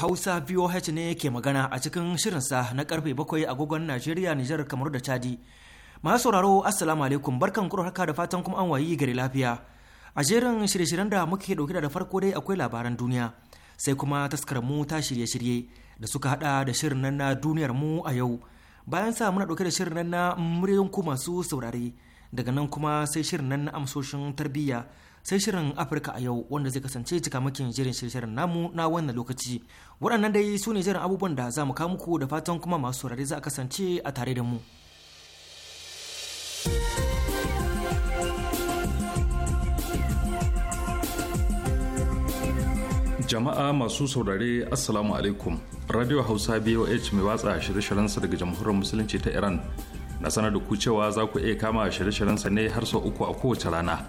Hausa VOH ne ke magana a cikin shirinsa na karfe bakwai agogon Najeriya, Nijar, kamar da Chadi. Masu sauraro Assalamu alaikum barkan kuro haka da fatan kuma an wayi gari lafiya. A jerin shirye-shiryen da muke dauke da farko dai akwai labaran duniya sai kuma taskar mu ta shirye-shirye da suka hada da shirin nan na duniyar mu a yau. Bayan sa muna dauke da shirin nan na muryoyin ku masu saurare daga nan kuma sai shirin nan na amsoshin tarbiyya sai shirin Afirka a yau wanda zai kasance cikamakin jirin shirin namu na wannan lokaci. Waɗannan dai su ne jiran abubuwan da za mu kawo muku da fatan kuma masu saurari za a kasance a tare da mu. Jama'a masu saurare Assalamu alaikum. Radio Hausa BOH mai watsa shirye-shiryensa daga Jamhuriyar Musulunci ta Iran na sanar da ku cewa za ku iya kama shirye-shiryensa ne har sau uku a kowace rana.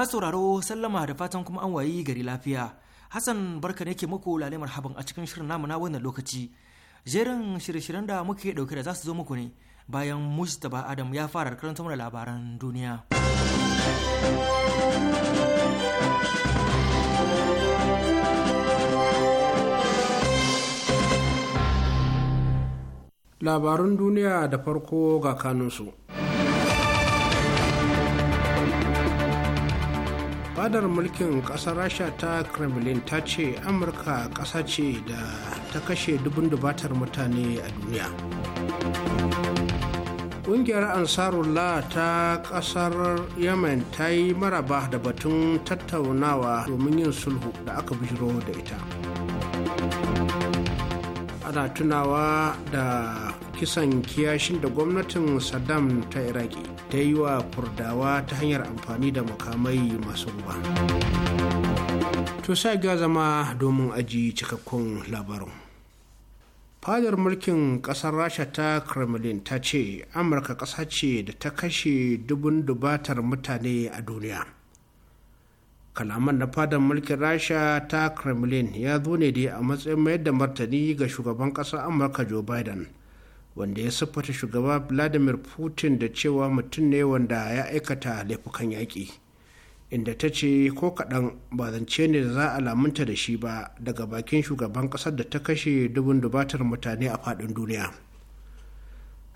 masu sauraro sallama da fatan kuma an wayi gari lafiya hassan barka ne ke muku lale marhaban a cikin shirin namu na wannan lokaci jerin shirye-shiryen da muke dauke da za su zo muku ne bayan mustapha adam ya fara karanta mana labaran duniya labarun duniya da farko ga kanunsu fadar mulkin kasar rasha ta kremlin ta ce amurka ƙasa ce da ta kashe dubun dubatar mutane a duniya ƙungiyar ansarullah ta ƙasar yemen ta yi maraba da batun tattaunawa domin yin sulhu da aka bishiro da ita ana tunawa da kisan kiyashin da gwamnatin saddam ta iraki ta yi wa kurdawa ta hanyar amfani da makamai masu ruwa to sai ga zama domin aji cikakkun labarin fadar mulkin kasar rasha ta kremlin ta ce amurka ƙasa ce da ta kashe dubun dubatar mutane a duniya kalaman na fadar mulkin rasha ta kremlin ya zo ne dai a matsayin mayar da martani ga shugaban ƙasar amurka joe biden wanda ya siffata shugaba vladimir putin da cewa mutum ne wanda ya aikata laifukan yaƙi inda ta ce ko kaɗan ba zance ne da za a lamunta da shi ba daga bakin shugaban ƙasar da ta kashe dubin dubatar mutane a faɗin duniya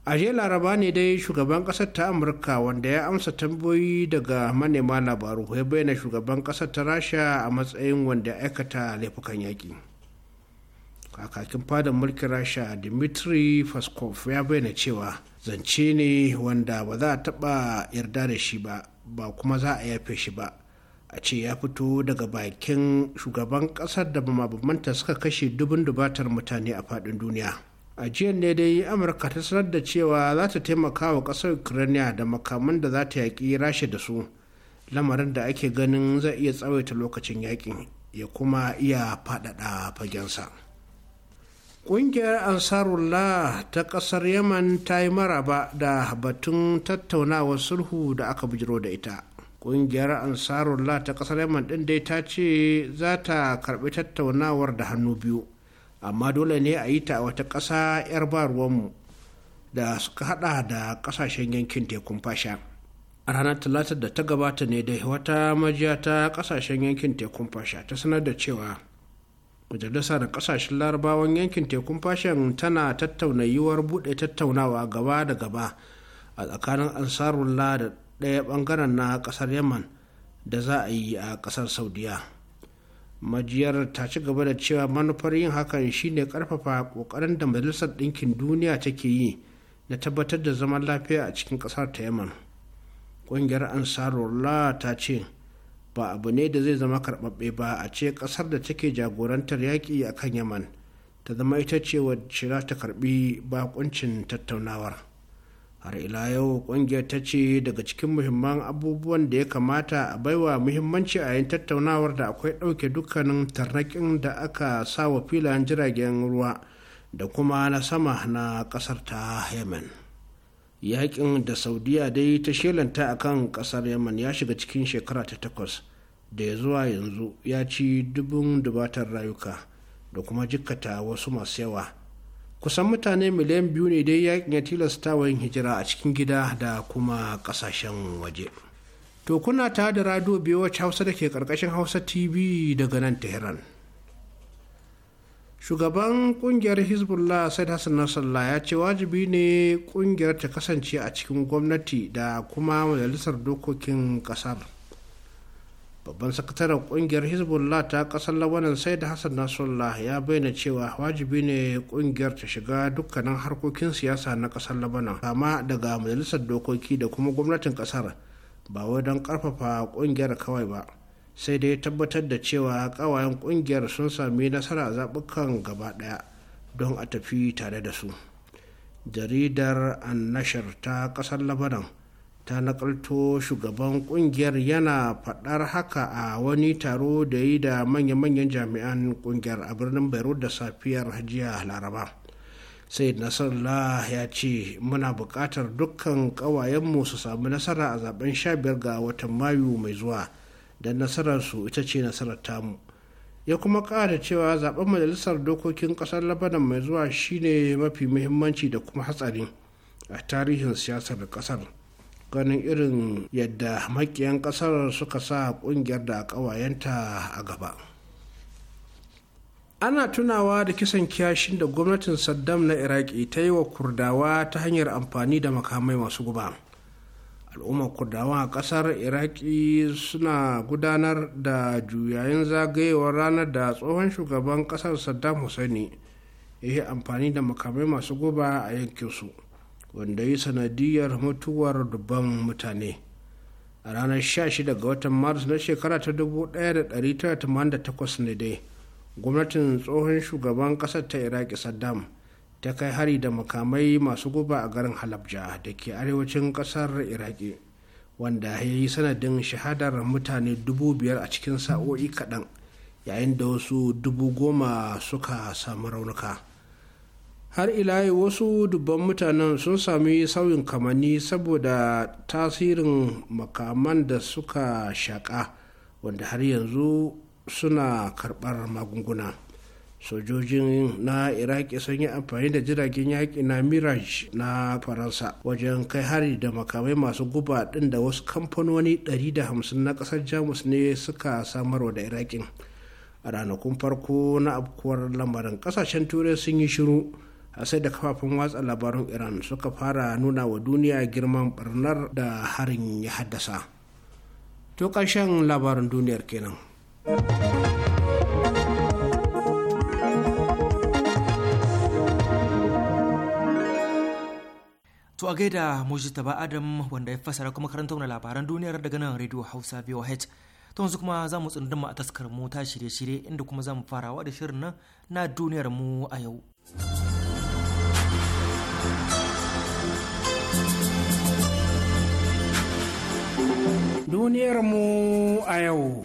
a jiya laraba ne dai shugaban ƙasar ta amurka wanda ya amsa tambayoyi daga manema labaru ya bayyana shugaban ƙasar ta rasha a matsayin wanda ya aikata laifukan yaƙi kakakin fadar mulkin rasha dimitri faskov ya bayyana cewa zance ne wanda ba za a taɓa yarda da shi ba ba kuma za a yafe shi ba a ce ya fito daga bakin shugaban ƙasar da mabambanta suka kashe dubin dubatar mutane a fadin duniya a jiya ne dai amurka ta sanar da cewa za ta taimaka wa ƙasar ukraine da makaman da za ta yaƙi rasha da su lamarin da ake ganin zai iya tsawaita lokacin yaƙin ya kuma iya faɗaɗa fagensa. Ƙungiyar Ansarullah ta ƙasar Yaman ta yi maraba da batun tattaunawar sulhu da aka bijiro da ita. Ƙungiyar Ansarullah ta ƙasar Yaman ɗin dai ta ce za ta karɓi tattaunawar da hannu biyu, amma dole ne a yi ta wata ƙasa 'yar ruwanmu da suka haɗa da ƙasashen yankin tekun fasha. A ranar Talatar da ta gabata ne da wata majiya ta ƙasashen yankin tekun fasha ta sanar da cewa majalisar kasashen larabawan yankin tekun fashin tana tattauna yiwuwar buɗe tattaunawa gaba da gaba a tsakanin ansarullah da ɗaya ɓangaren na ƙasar yaman da za a yi a ƙasar saudiya majiyar ta ci gaba da cewa manufar yin hakan shine ƙarfafa ƙoƙarin da majalisar ɗinkin duniya take yi na tabbatar da zaman lafiya a cikin ƙasar ta yaman ƙungiyar ansarullah ta ce ba abu ne da zai zama karbabbe ba a ce kasar da take jagorantar yaƙi a kan yaman ta zama ita ce wacce za ta karɓi bakuncin tattaunawar har ila yau kungiyar ta ce daga cikin muhimman abubuwan da ya kamata a baiwa muhimmanci a yin tattaunawar da akwai ɗauke dukkanin tarnakin da aka sa wa filayen jiragen ruwa da kuma na sama na ƙasar ta yemen. yakin da saudiya dai ta shelanta a kan kasar yaman ya shiga cikin shekara ta takwas da ya zuwa yanzu ya ci dubun dubatar rayuka da kuma jikkata wasu masu yawa kusan mutane miliyan biyu ne dai yakin ya tilasta wa hijira a cikin gida da kuma kasashen waje to kuna ta da rado biyu wacce hausa da ke karkashin hausa tv daga nan tehran shugaban kungiyar hezbollah said hassan nasrallah ya ce wajibi ne kungiyar ta kasance a cikin gwamnati da kuma majalisar dokokin kasar babban sakataren kungiyar hezbollah ta kasar labanan said hassan nasrallah ya bayyana cewa wajibi ne kungiyar ta shiga dukkanin harkokin siyasa na kasar labanan kama daga majalisar dokoki da kuma gwamnatin kasar ba wai don karfafa kungiyar kawai ba sai dai tabbatar da cewa kawayen kungiyar sun sami nasara a zaɓukan gaba ɗaya don a tafi tare da su jaridar annashar ta ƙasar labaran ta nakalto shugaban kungiyar yana faɗar haka a wani taro da yi da manya-manyan jami'an kungiyar a birnin beirut da safiyar jiya laraba sai nasarallah ya ce muna buƙatar dukkan ƙawayenmu su sami nasara a zaben 15 ga watan mayu mai zuwa nasarar nasararsu ita ce nasarar tamu ya kuma ƙara cewa zaben majalisar dokokin ƙasar labanan mai zuwa shine mafi muhimmanci da kuma hatsari a tarihin siyasar ƙasar ganin irin yadda makiyan ƙasar suka sa ƙungiyar da ƙawayenta a gaba ana tunawa da kisan kiyashin da gwamnatin saddam na iraki ta yi wa kurdawa ta hanyar amfani da makamai masu guba al'ummar kudawa a kasar iraki suna gudanar da juyayin zagayewar ranar da tsohon shugaban kasar saddam husaini ya yi amfani da makamai masu guba a su wanda yi sanadiyar mutuwar dubban mutane a ranar 16 ga watan maris na shekara ta 1988 ne dai gwamnatin tsohon shugaban kasar ta iraki saddam ta kai hari da makamai masu guba a garin halabja da ke arewacin kasar iraki wanda ya yi sanadin shahadar mutane dubu biyar a cikin sa'o'i kaɗan yayin da wasu dubu goma suka samu raunuka har ila wasu dubban mutanen sun sami sauyin kamanni saboda tasirin makaman da suka shaƙa wanda har yanzu suna karɓar magunguna sojojin na iraki sun yi amfani da jiragen yaƙi na mirage na faransa wajen kai hari da makamai masu guba ɗin da wasu kamfanoni 150 na ƙasar jamus ne suka samarwa da Iraki a ranakun farko na afkuwar lamarin ƙasashen turai sun yi shiru a sai da kafafen watsa labarun iran suka fara nuna wa duniya girman barnar da harin ya haddasa to ƙarshen labarin duniyar kenan. To a gaida Mujtaba Adam wanda ya fasara kuma karanta wani labaran duniyar daga nan Radio Hausa VOH. ta yanzu kuma za mu tsunduma a taskar mu ta shirye-shirye inda kuma za mu farawa da shirin nan na duniyar mu a yau. Duniyar mu a yau.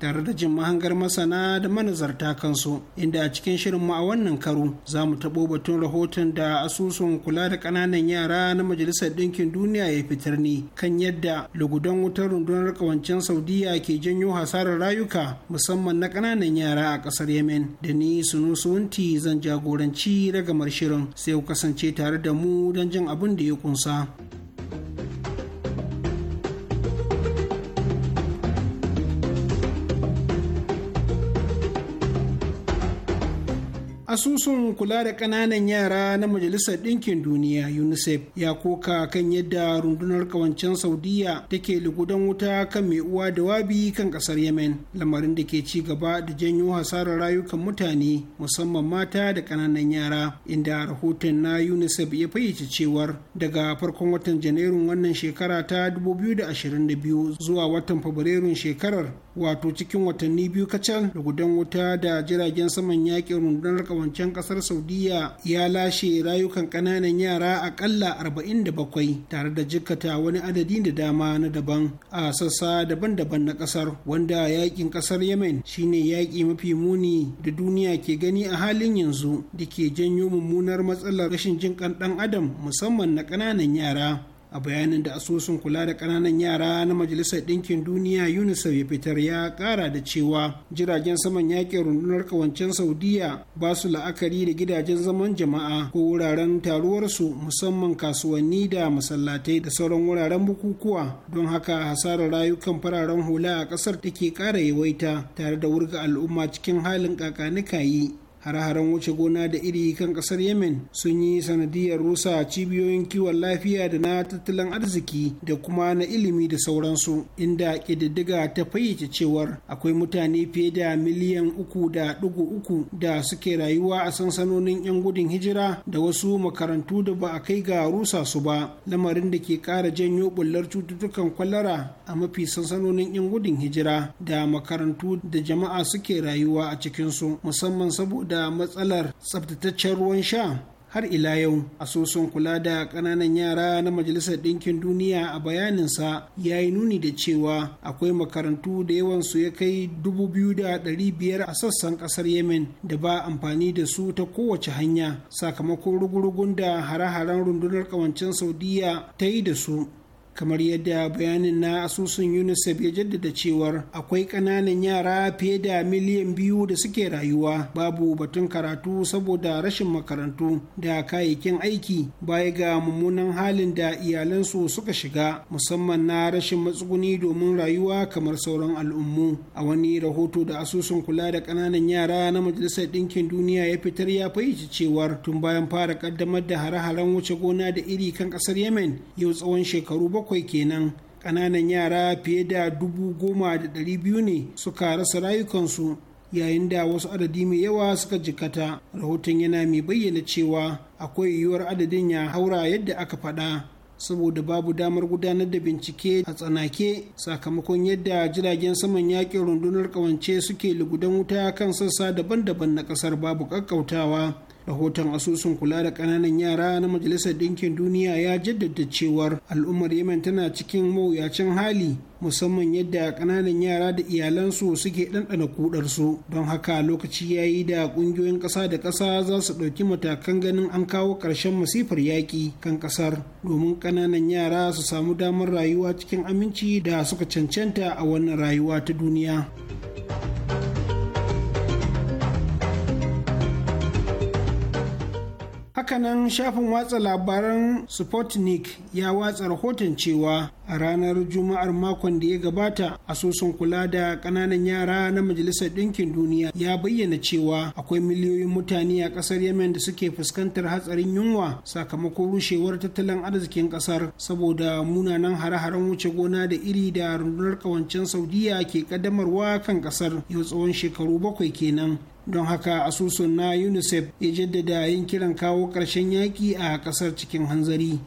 tare da jin mahangar masana da manazarta kansu inda a cikin shirin mu a wannan karo za mu taɓo batun rahoton da asusun kula da ƙananan yara na majalisar ɗinkin duniya ya fitar ni. kan yadda lugudan wutar rundunar ƙawancen saudiya ke janyo hasarar rayuka musamman na ƙananan yara a ƙasar yemen da ni sunu zan jagoranci ragamar shirin sai ku kasance tare da mu don jin abin da ya kunsa. asusun kula da ƙananan yara na majalisar ɗinkin duniya unicef ya koka kan yadda rundunar ƙawancen saudiya take lugudan wuta kan mai uwa da wabi kan ƙasar yemen lamarin da ke ci gaba da janyo hasarar rayukan mutane musamman mata da ƙananan yara inda rahoton na unicef ya fayyace cewar daga farkon watan janairun wannan shekara ta 2022 zuwa watan fabrairun shekarar wato cikin watanni biyu kacal lugudan wuta da jiragen saman yaƙin rundunar makamancin kasar saudiya ya lashe rayukan kananan yara akalla 47 tare da jikkata wani adadi da dama na daban a sassa daban-daban na kasar wanda yaƙin ƙasar yemen shine yaki mafi muni da duniya ke gani a halin yanzu da ke janyo mummunar matsalar rashin jin ɗan adam musamman na ƙananan yara a bayanin da asusun kula da ƙananan yara na majalisar ɗinkin duniya unicef ya fitar ya ƙara da cewa jiragen saman yaƙin rundunar ƙawancen saudiya ba su la'akari da gidajen zaman jama'a ko wuraren taruwarsu musamman kasuwanni da masallatai da sauran wuraren bukukuwa don haka hasarar rayukan fararen hula a ƙasar take ƙara yawaita tare da wurga al'umma cikin halin kakanikayi har-haren wuce gona da iri kan kasar yemen sun yi sanadiyar rusa cibiyoyin kiwon lafiya da na tattalin arziki da kuma na ilimi da sauransu inda ƙididdiga ta fayyace cewar akwai mutane fiye da miliyan uku da ɗigo uku da suke rayuwa a sansanonin 'yan gudun hijira da wasu makarantu da ba a kai ga rusa su ba lamarin da ke ƙara janyo bullar cututtukan kwalara a mafi sansanonin 'yan gudun hijira da makarantu da jama'a suke rayuwa a cikinsu musamman saboda da matsalar tsabtataccen ruwan sha har ila yau asusun kula da ƙananan yara na majalisar ɗinkin duniya a bayaninsa ya yi nuni da cewa akwai makarantu da yawansu ya kai 2,500 a sassan ƙasar yemen da ba amfani da su ta kowace hanya sakamakon rugurugun da hare-haren rundunar ƙawancin saudiya ta yi da su kamar yadda bayanin na asusun unicef ya jaddada cewar akwai ƙananan yara fiye da miliyan biyu da suke rayuwa babu batun karatu saboda rashin makarantu da kayayyakin aiki baya ga mummunan halin da iyalansu suka shiga musamman na rashin matsuguni domin rayuwa kamar sauran al'ummu a wani rahoto da asusun kula da ƙananan yara na majalisar ɗinkin duniya ya fitar ya fahimci cewar tun bayan fara ƙaddamar da hare-haren wuce gona da iri kan ƙasar yemen yau tsawon shekaru bakwai bakwai kenan ƙananan yara fiye da dubu goma da ɗari biyu ne suka rasa rayukansu yayin da wasu adadi mai yawa suka jikkata rahoton yana mai bayyana cewa akwai yiwuwar adadin ya haura yadda aka faɗa saboda babu damar gudanar da bincike a tsanake sakamakon yadda jiragen saman yakin rundunar ƙawance suke lugudan wuta kan sassa daban-daban na ƙasar babu ƙaƙƙautawa rahoton asusun kula da kananan yara na majalisar ɗinkin duniya ya jaddada cewar al'ummar yemen tana cikin mawuyacin hali musamman yadda kananan yara da iyalansu suke ɗanɗana kudarsu don haka lokaci ya yi da ƙungiyoyin ƙasa da ƙasa za su ɗauki matakan ganin an kawo ƙarshen masifar yaƙi kan ƙasar domin ƙananan yara su samu damar rayuwa cikin aminci da suka cancanta a wannan rayuwa ta duniya. hakanan shafin watsa labaran sputnik ya watsa rahoton cewa a ranar juma'ar makon da ya gabata asusun kula da ƙananan yara na majalisar ɗinkin duniya ya bayyana cewa akwai miliyoyin mutane a ƙasar yemen da suke fuskantar hatsarin yunwa sakamakon rushewar tattalin arzikin ƙasar saboda munanan hare-haren wuce gona da iri da rundunar ƙawancen saudiya ke ƙaddamarwa kan ƙasar yau tsawon shekaru bakwai kenan don haka asusun na unicef ya jaddada yin kiran kawo ƙarshen yaƙi a ƙasar cikin hanzari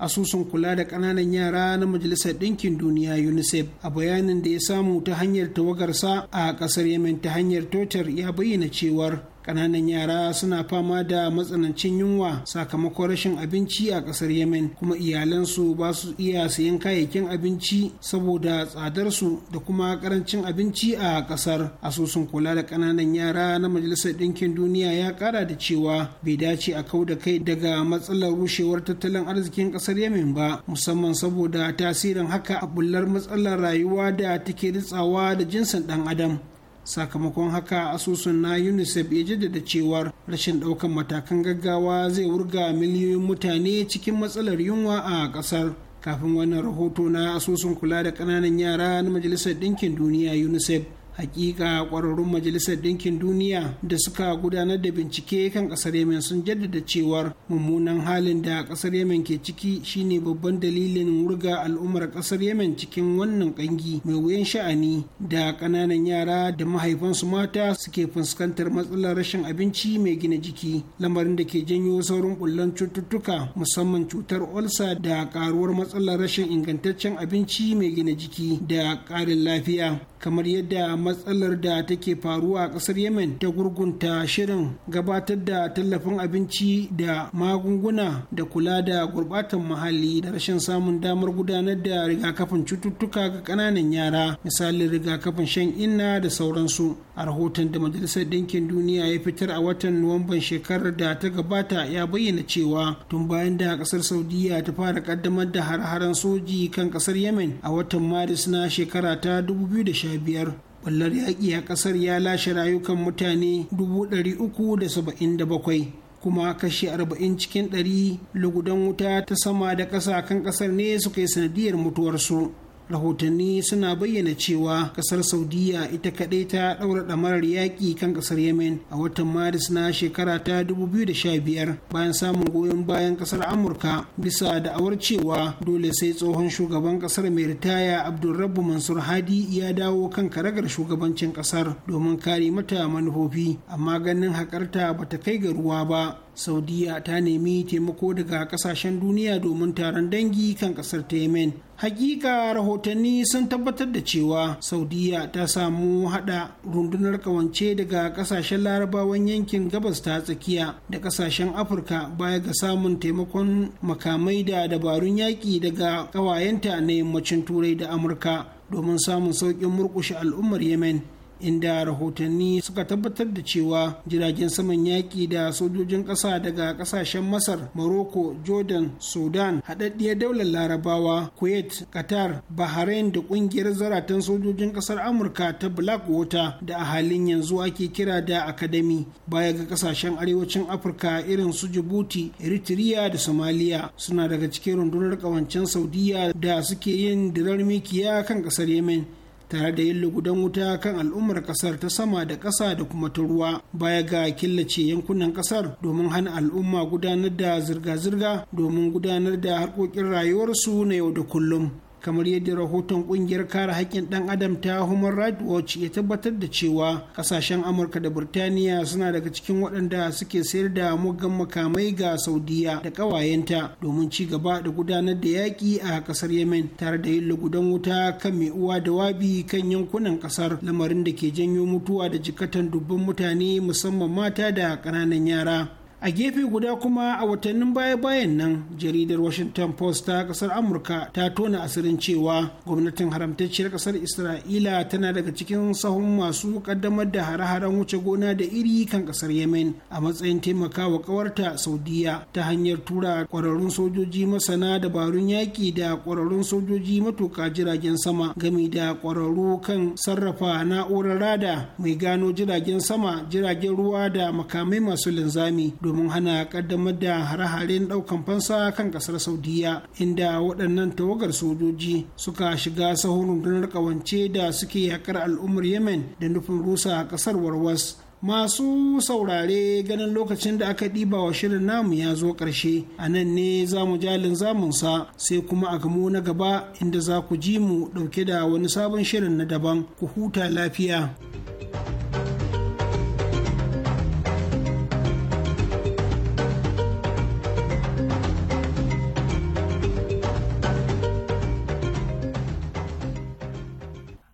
asusun kula da ƙananan yara na majalisar ɗinkin duniya unicef a bayanin da ya samu ta hanyar tawagarsa a ƙasar yemen ta hanyar totar ya bayyana cewar ƙananan yara suna fama da matsanancin yunwa sakamakon rashin abinci a ƙasar yemen kuma iyalansu ba su iya sayan kayayyakin abinci saboda tsadarsu da kuma ƙarancin abinci a ƙasar asusun kula da ƙananan yara na majalisar ɗinkin duniya ya ƙara da cewa bai dace a kau da kai daga matsalar rushewar tattalin arzikin ƙasar yemen ba musamman saboda tasirin haka a bullar matsalar rayuwa da take ritsawa da jinsin ɗan adam sakamakon haka asusun na unicef ya jaddada cewar rashin daukan matakan gaggawa zai wurga miliyoyin mutane cikin matsalar yunwa a kasar kafin wannan rahoto na asusun kula da kananan yara na majalisar ɗinkin duniya unicef hakika kwararrun majalisar Dinkin duniya da suka gudanar da bincike kan ƙasar yemen sun jaddada cewar mummunan halin da ƙasar yemen ke ciki shine babban dalilin wurga al'ummar ƙasar yemen cikin wannan ƙangi mai wuyan sha'ani da ƙananan yara da mahaifansu mata suke fuskantar matsalar rashin abinci mai gina jiki lamarin da ke janyo saurin bullon cututtuka musamman cutar olsa da karuwar matsalar rashin ingantaccen abinci mai gina jiki da ƙarin lafiya kamar yadda matsalar da take faruwa a ƙasar yemen ta gurgunta shirin gabatar da tallafin abinci da magunguna da kula da gurbatan muhalli da rashin samun damar gudanar da rigakafin cututtuka ga ƙananan yara misalin rigakafin shan inna da sauransu a rahoton da majalisar ɗinkin duniya ya fitar a watan nuwamban shekarar da ta gabata ya bayyana cewa tun bayan da ƙasar saudiya ta fara ƙaddamar da har-haren soji kan ƙasar yemen a watan maris na shekara ta 2015 Bullar yaƙi a ƙasar ya lashe rayukan mutane 377. kuma kashi 40 cikin 100 lugudan wuta ta sama da ƙasa kan ƙasar ne suka yi sanadiyar mutuwarsu rahotanni suna bayyana cewa kasar saudiya ita kaɗai ta ɗaura ɗamarar yaƙi kan ƙasar yemen a watan maris na shekara ta 2015 bayan samun goyon bayan ƙasar amurka bisa da'awar cewa dole sai tsohon shugaban ƙasar mai ritaya abdulrabu mansur hadi ya dawo kan karagar shugabancin ƙasar domin kare mata manufofi amma ganin haƙarta bata kai ga ruwa ba saudiya ta nemi taimako daga kasashen duniya domin taron dangi kan kasar ta yemen hakika rahotanni sun tabbatar da cewa saudiya ta samu hada rundunar kawance daga kasashen larabawan yankin gabas ta tsakiya da kasashen afirka baya ga samun taimakon makamai da dabarun yaƙi daga kawayenta na yammacin turai da amurka domin samun sauƙin murƙushe al'ummar yemen inda rahotanni suka tabbatar da cewa jiragen saman yaƙi da sojojin ƙasa daga ƙasashen masar maroko jordan sudan haɗaɗɗiyar daular larabawa kuwait qatar bahrain da ƙungiyar zaratan sojojin ƙasar amurka ta blackwater da a halin yanzu ake kira da academy baya ga ƙasashen arewacin afirka irin su djibouti eritrea da somalia suna daga cikin rundunar ƙawancen saudiya da suke yin dirar mikiya kan ƙasar yemen tare da yin lugudan wuta kan al'ummar kasar ta sama da ƙasa da kuma ta ruwa baya ga killace yankunan kasar domin hana al'umma gudanar da zirga-zirga domin gudanar da harkokin rayuwarsu na yau da kullum kamar yadda rahoton kungiyar kare haƙƙin ɗan adam ta human rights watch ya tabbatar da cewa ƙasashen amurka da burtaniya suna daga cikin waɗanda suke sayar da mugan makamai ga saudiya da ƙawayenta domin ci gaba da gudanar da yaƙi a ƙasar yemen tare da yin lugudan wuta kan mai uwa da wabi kan yankunan ƙasar lamarin da ke janyo mutuwa da jikatan dubban mutane musamman mata da ƙananan yara a gefe guda kuma a watannin baya-bayan nan jaridar washington post ta kasar amurka ta tona asirin cewa gwamnatin haramtacciyar kasar isra'ila tana daga cikin sahun masu kaddamar da hare-haren wuce gona da iri kan kasar yemen a matsayin taimakawa kawarta saudiya ta hanyar tura kwararrun sojoji masana dabarun yaƙi da kwararrun sojoji matuƙa jiragen sama game da kwararru kan sarrafa na'urar rada mai gano jiragen sama jiragen ruwa da makamai masu linzami domin hana kaddamar da hare-haren daukan fansa kan kasar saudiya inda waɗannan tawagar sojoji suka shiga sahun rundunar kawance da suke yakar al'ummar yemen da nufin rusa ƙasar warwas masu saurare ganin lokacin da aka ɗiba wa shirin namu ya zo ƙarshe a nan ne za mu jalin zamunsa sai kuma a gamo na gaba inda za ku ji mu ɗauke da wani sabon shirin na daban ku huta lafiya.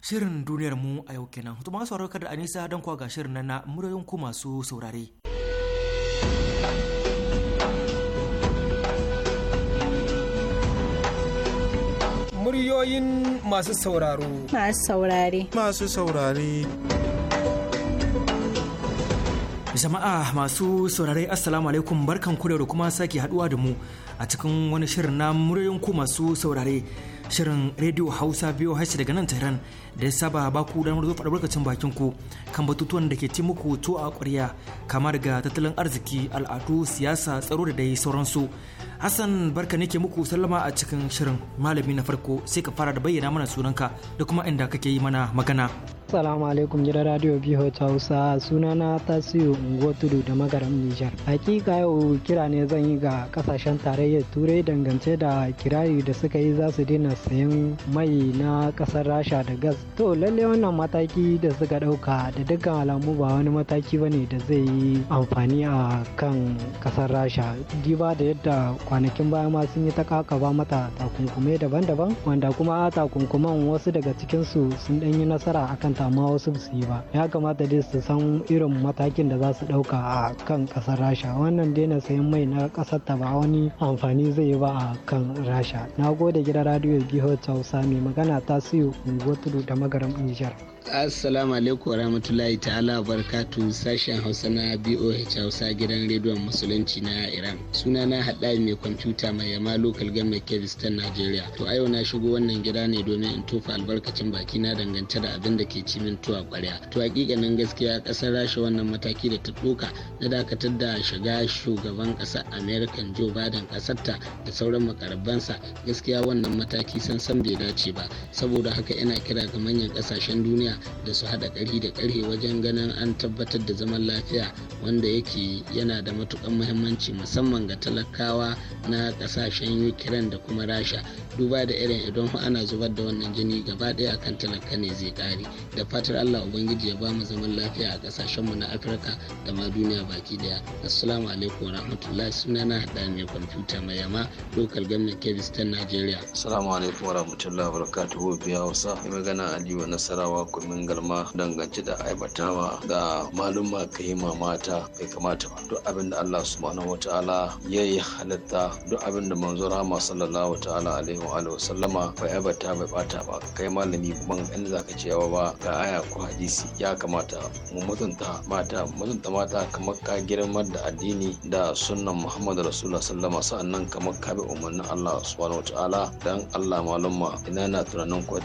Shirin duniyar mu a yau kenan. To masu sauraro kada a nisa don kwa ga shirin nan na muryoyin ku masu saurare. Muryoyin masu sauraro. Masu saurare. Masu saurare. jama'a masu saurare assalamu alaikum barkan ku da kuma sake haduwa da mu a cikin wani shirin na muryoyin ku masu saurare shirin radio hausa biyu hashi daga nan tehran da ya saba ba ku damar zo faɗa bakin ku kan batutuwan da ke ci muku to a ƙwarya kamar ga tattalin arziki al'adu siyasa tsaro da dai sauransu hassan barka ne ke muku sallama a cikin shirin malami na farko sai ka fara da bayyana mana sunanka da kuma inda kake yi mana magana Assalamu alaikum gidan Radio BH Hausa sunana Tasiu Ungo Tudu da Magaram Nijar. Hakika yau kira ne zan yi ga kasashen tarayyar Turai dangance da kirari da suka yi za su daina sayan mai na kasar Rasha da gas to lalle wannan mataki da suka ɗauka da dukkan alamu ba wani mataki bane da zai yi amfani a kan kasar rasha diba da yadda kwanakin baya ma sun yi ta kakaba mata takunkume daban-daban wanda kuma takunkuman wasu daga cikinsu sun dan yi nasara akan ta wasu su yi ba ya kamata dai su san irin matakin da za su dauka a kan kasar rasha wannan daina sayan mai na kasar ta ba wani amfani zai yi ba a kan rasha na gode gidan radio biyu hausa mai magana ta siyo unguwa tudu da garin Nijar. assalamu alaikum warahmatullahi ta'ala barkatu sashen hausa na boh hausa gidan rediyon musulunci na iran suna na haɗa mai kwamfuta mai yama local game kebistan nigeria to a yau na shigo wannan gida ne domin in tofa albarkacin baki na dangance da abin da ke cimin tuwa kwarya to nan gaskiya ƙasar rasha wannan mataki da ta ɗauka na dakatar da shiga shugaban ƙasar american joe biden ƙasarta da sauran makarabansa gaskiya wannan mataki san san bai dace ba saboda haka ina kira ga manyan ƙasashen duniya da su hada kari da kari wajen ganin an tabbatar da zaman lafiya wanda yake yana da matukan muhimmanci musamman ga talakawa na kasashen ukraine da kuma rasha duba da irin idan ana zubar da wannan jini gaba ɗaya akan talaka ne zai kare. da fatar allah ubangiji ya bamu zaman lafiya a kasashen mu na afirka da ma duniya baki ɗaya assalamu alaikum warahmatullahi sunana da mai kwamfuta mai yama lokal gwamnan kebis ta najeriya assalamu alaikum warahmatullahi wabarakatuhu biya wasa magana aliyu nasarawa domin galma dangance da aibatawa ga maluma Kayi ma mata bai kamata ba duk abin da Allah subhanahu wa ta'ala ya yi halitta duk abin da manzo rahama sallallahu ta'ala alaihi wa alihi sallama bai aibata bai bata ba kai malami kuma in za ka yawa ba ga aya ko hadisi ya kamata mu mutunta mata mutunta mata kamar ka girmar da addini da sunnan Muhammad rasulullah sallama sa'annan kamar ka bi umarnin Allah subhanahu wa ta'ala dan Allah malumma ina na tunanin ku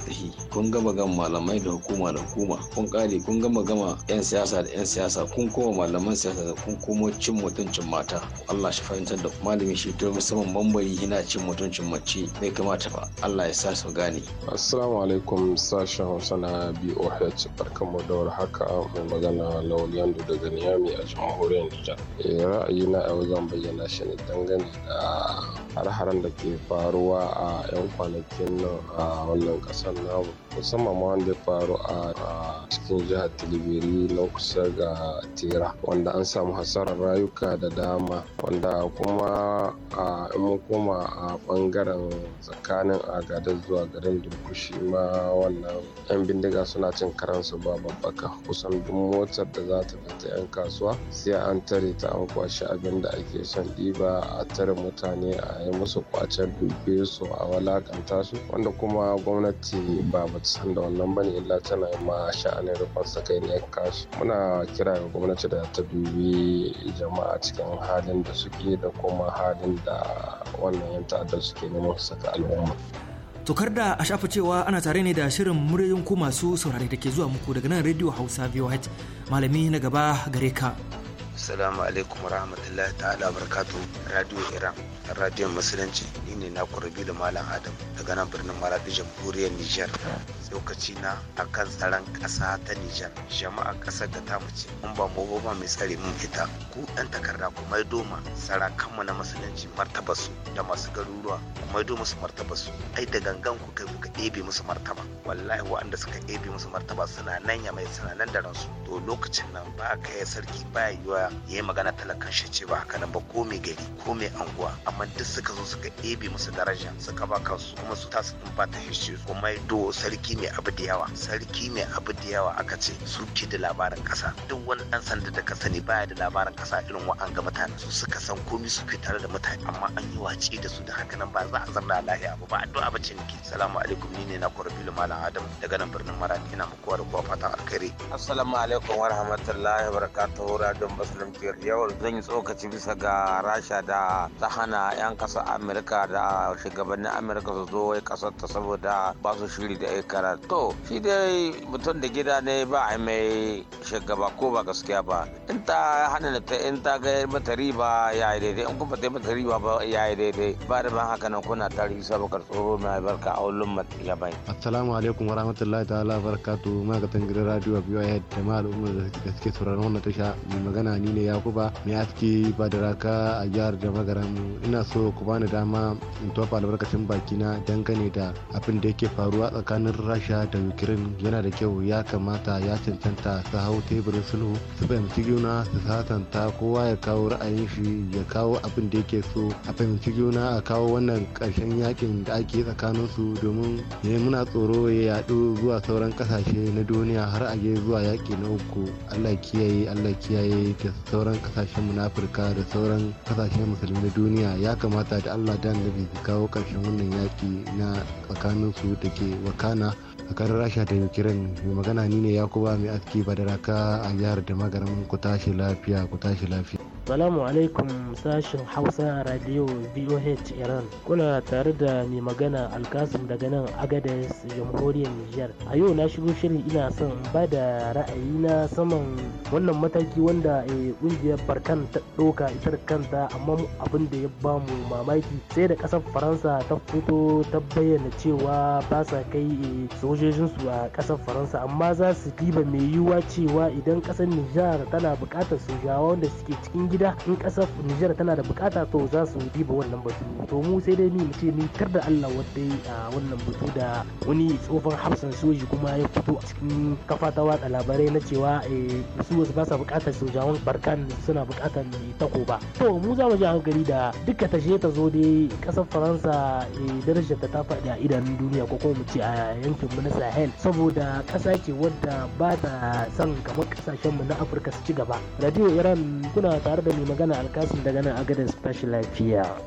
kun gaba gan malamai da hukuma hukuma da hukuma kun kare kun gama gama yan siyasa da yan siyasa kun koma malaman siyasa da kun komo cin mutuncin mata Allah shi fahimtar da malami shi to musamman bambari yana cin mutuncin mace bai kamata ba Allah ya sa su gane assalamu alaikum sashen Hausa na BOH barkamu da haka mu magana Lauliyan daga Niyami a jamhuriyar Nijar eh, ra'ayina a wajen bayyana shi ne dangane da har-haren da ke faruwa a 'yan kwanakin nan a wannan kasar namu musamman ma wanda ya faru a cikin jihar tilibiri na kusa ga tera wanda an samu hasarar rayuka da dama wanda kuma a mun koma a bangaren tsakanin agadar zuwa garin durkushi ma wannan yan bindiga suna cin karansu ba babbaka kusan duk motar da za ta fita yan kasuwa sai an tare ta an kwashi abin da ake son ɗiba a tare mutane a yi musu kwacen su a walakanta su wanda kuma gwamnati ba bata san da wannan bane illa tana ma sha'anin rufin sakainiyar kashi muna kira ga gwamnati da ta dubi jama'a cikin halin da suke da kuma halin da wannan yan ta'addar suke neman su saka al'umma tokar da a shafa cewa ana tare ne da shirin muryoyin ku masu saurare da ke zuwa muku daga nan radio hausa voh malami na gaba gare ka Assalamu alaikum rahmatullahi ta'ala barkatu Radio Iran. radiyon musulunci ni ne na kurabi da malam adam daga nan birnin maradi jamhuriyar niger tsokaci na a kan tsaron ƙasa ta niger jama'a ƙasar ga ta mace, mun ba mu ba mai tsare mun ita ku ɗan takarda ku mai doma kanmu na musulunci martaba su da masu garuruwa ku mai doma su martaba su ai da gangan ku kai kuka ɗebe musu martaba wallahi waɗanda suka ɗebe musu martaba suna nan ya mai suna nan da ransu to lokacin nan ba ka ya sarki ba yiwa ya yi magana talakan shi ce ba haka nan ba ko mai gari ko mai anguwa amma amma duk suka zo suka ebe musu daraja suka ba kansu kuma su tasu din ba ta hishe su kuma do sarki mai abu da yawa sarki mai abu da yawa aka ce su ke da labarin kasa duk wani ɗan sanda da ka sani baya da labarin kasa irin an ga mutane su suka san komi su ke tare da mutane amma an yi wace da su da haka nan ba za a zamna lahiya ba ba addu'a ba ce niki salamu alaikum ni ne na kwarbilu malam adam daga nan birnin marani ina muku wani kuwa fatan alkhairi assalamu alaikum wa rahmatullahi wa barakatuhu radio muslim yau zan yi tsokaci bisa ga rasha da ta hana na 'yan ƙasar amurka da shugabannin amurka su zo wai ƙasar ta saboda ba su shiri da ya karatu shi dai mutum da gida ne ba a mai shugaba ko ba gaskiya ba in ta hana ta in ta ga mata riba ya yi daidai in kuma ta mata riba ba ya yi daidai ba da ban haka nan kuna tarihi sabakar tsoro mai albarka a wulin yabai. assalamu alaikum wa rahmatullahi ta'ala barakatu ma'aikatan gidan radio biyu a da ma al'ummar da suke sauraron wannan tasha mai magana ni ne yakuba mai aski ba da raka a jihar jama'a magaran ina ina so ku bani dama in tofa albarkacin bakina dangane da abin da yake faruwa tsakanin rasha da ukraine yana da kyau ya kamata ya cancanta su hau teburin sulhu su fahimci juna su sasanta kowa ya kawo ra'ayin shi ya kawo abin da yake so a fahimci juna a kawo wannan karshen yakin da ake tsakanin su domin ya eh, muna tsoro ya yaɗu zuwa sauran kasashe na duniya har a je zuwa yaki na uku allah kiyaye allah kiyaye da sauran kasashen mu na afirka da sauran kasashen musulmi na duniya ya kamata da allah da annabi ka kawo karshen wannan yaƙi na tsakanin su da ke wakana tsakanin rasha da ukraine mai magana ni ne ya yakuba mai aski badaraka a jihar da magaran ku tashi lafiya ku tashi lafiya Salamu alaikum sashen Hausa Radio VOH Iran. Kuna tare da mai magana Alkasim daga nan Agadez, Jamhuriyar Nijar. A yau na shigo shirin ina son ba da ra'ayi na saman wannan mataki wanda kungiyar eh, Barkan ta ɗauka ita kanta amma abin da ya ba mu mamaki sai da ƙasar Faransa ta fito ta bayyana cewa ba sa kai eh, sojojinsu a ƙasar Faransa amma za su diba mai yiwuwa cewa idan ƙasar Nijar tana buƙatar sojawa wanda suke cikin gida in kasar Nijar tana da bukata to za su diba wannan batu to mu sai dai ni mu ni kar da Allah wadda a wannan batu da wani tsofan hafsan soji kuma ya fito a cikin kafa ta watsa labarai na cewa eh, su wasu ba sa bukatar sojawan barkan suna bukatar ba to mu za mu ji hankali da duka ta je ta zo dai kasar Faransa eh, darajar ta ta faɗi a idanun duniya ko kuma mu ce a yankin mu na Sahel saboda kasa ce wadda ba ta son kamar kasashen mu na Afirka su ci gaba radio Iran kuna tare tare da mai magana alkasin daga nan agadin special lafiya